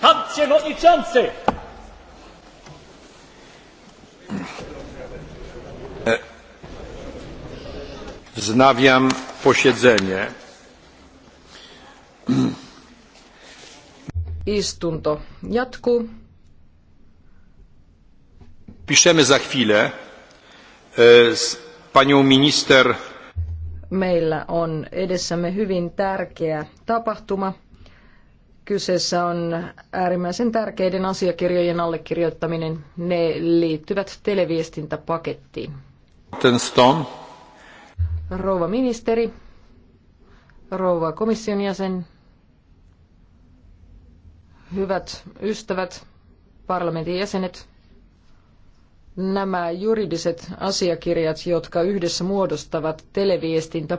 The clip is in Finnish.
Pan no Przewodniczący! Wznawiam posiedzenie. Istunto jatku. Piszemy za chwilę e, z panią minister. Meillä on edessämme hyvin tärkeä tapahtuma. Kyseessä on äärimmäisen tärkeiden asiakirjojen allekirjoittaminen. Ne liittyvät televiestintäpakettiin. Stone. Rouva ministeri, rouva komission jäsen, hyvät ystävät, parlamentin jäsenet, nämä juridiset asiakirjat, jotka yhdessä muodostavat televiestintä